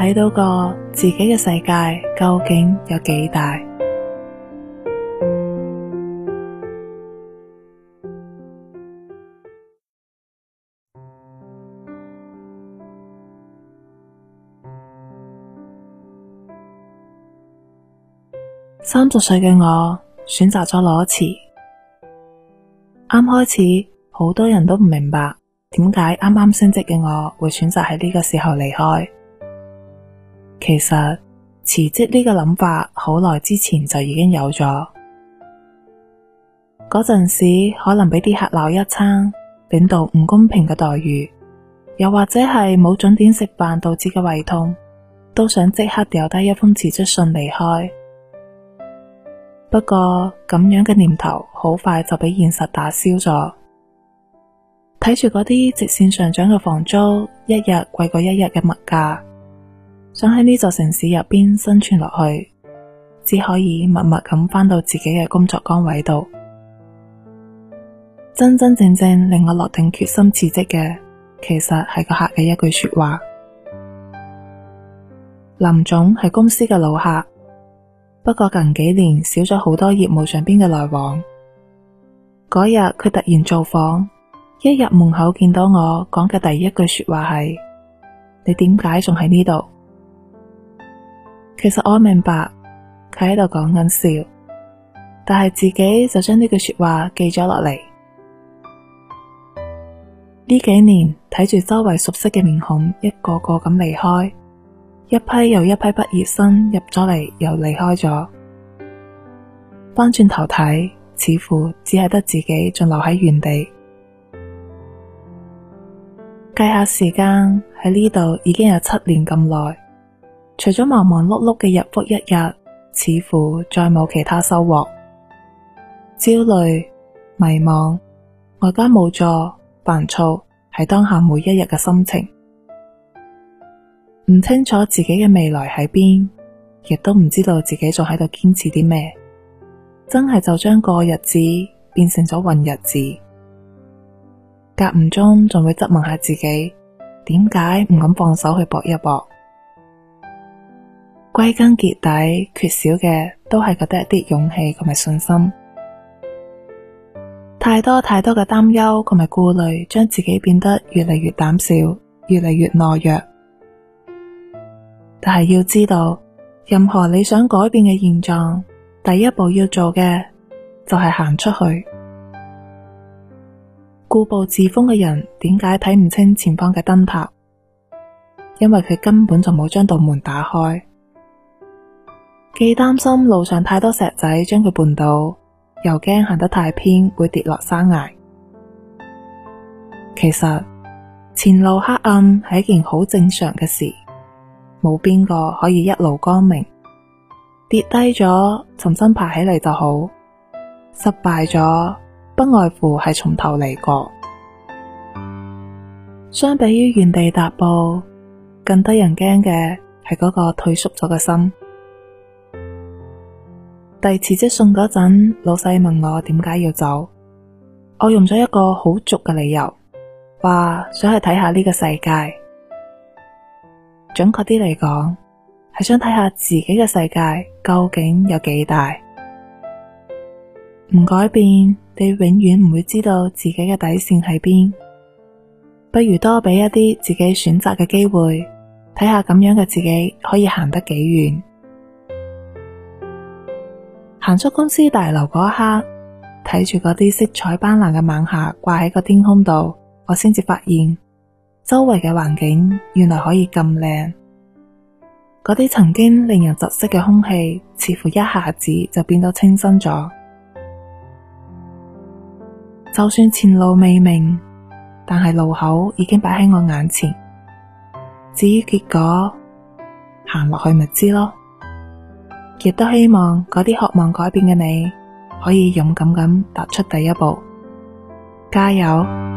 睇到個自己嘅世界究竟有幾大？三十歲嘅我選擇咗裸辭，啱開始好多人都唔明白點解啱啱升職嘅我會選擇喺呢個時候離開。其實辭職呢個諗法好耐之前就已經有咗，嗰陣時可能俾啲客鬧一餐，領導唔公平嘅待遇，又或者係冇準點食飯導致嘅胃痛，都想即刻掉低一封辭職信離開。不過咁樣嘅念頭好快就俾現實打消咗，睇住嗰啲直綫上漲嘅房租，一日貴過一日嘅物價。想喺呢座城市入邊生存落去，只可以默默咁返到自己嘅工作崗位度。真真正正令我落定決心辭職嘅，其實係個客嘅一句說話。林總係公司嘅老客，不過近幾年少咗好多業務上邊嘅來往。嗰日佢突然造訪，一入門口見到我，講嘅第一句說話係：你點解仲喺呢度？其實我明白佢喺度講緊笑，但係自己就將呢句說話記咗落嚟。呢幾年睇住周圍熟悉嘅面孔，一個個咁離開，一批又一批畢業生入咗嚟又離開咗。翻轉頭睇，似乎只係得自己仲留喺原地。計下時間喺呢度已經有七年咁耐。除咗忙忙碌碌嘅日復一日，似乎再冇其他收穫。焦慮、迷茫、外加無助、煩躁，係當下每一日嘅心情。唔清楚自己嘅未來喺邊，亦都唔知道自己仲喺度堅持啲咩，真係就將過日子變成咗混日子。隔唔中仲會質問下自己，點解唔敢放手去搏一搏？歸根結底，缺少嘅都係覺得一啲勇氣同埋信心。太多太多嘅擔憂同埋顧慮，將自己變得越嚟越膽小，越嚟越懦弱。但係要知道，任何你想改變嘅現狀，第一步要做嘅就係行出去。固步自封嘅人點解睇唔清前方嘅燈塔？因為佢根本就冇將道門打開。既擔心路上太多石仔將佢絆倒，又驚行得太偏會跌落山崖。其實前路黑暗係一件好正常嘅事，冇邊個可以一路光明。跌低咗，重新爬起嚟就好；失敗咗，不外乎係從頭嚟過。相比於原地踏步，更得人驚嘅係嗰個退縮咗嘅心。遞辭職信嗰陣，老細問我點解要走，我用咗一個好俗嘅理由，話想去睇下呢個世界。準確啲嚟講，係想睇下自己嘅世界究竟有幾大。唔改變，你永遠唔會知道自己嘅底線喺邊。不如多俾一啲自己選擇嘅機會，睇下咁樣嘅自己可以行得幾遠。行出公司大樓嗰一刻，睇住嗰啲色彩斑斕嘅晚霞掛喺個天空度，我先至發現周圍嘅環境原來可以咁靚。嗰啲曾經令人窒息嘅空氣，似乎一下子就變到清新咗。就算前路未明，但係路口已經擺喺我眼前。至於結果，行落去咪知咯。亦都希望嗰啲渴望改變嘅你，可以勇敢咁踏出第一步，加油！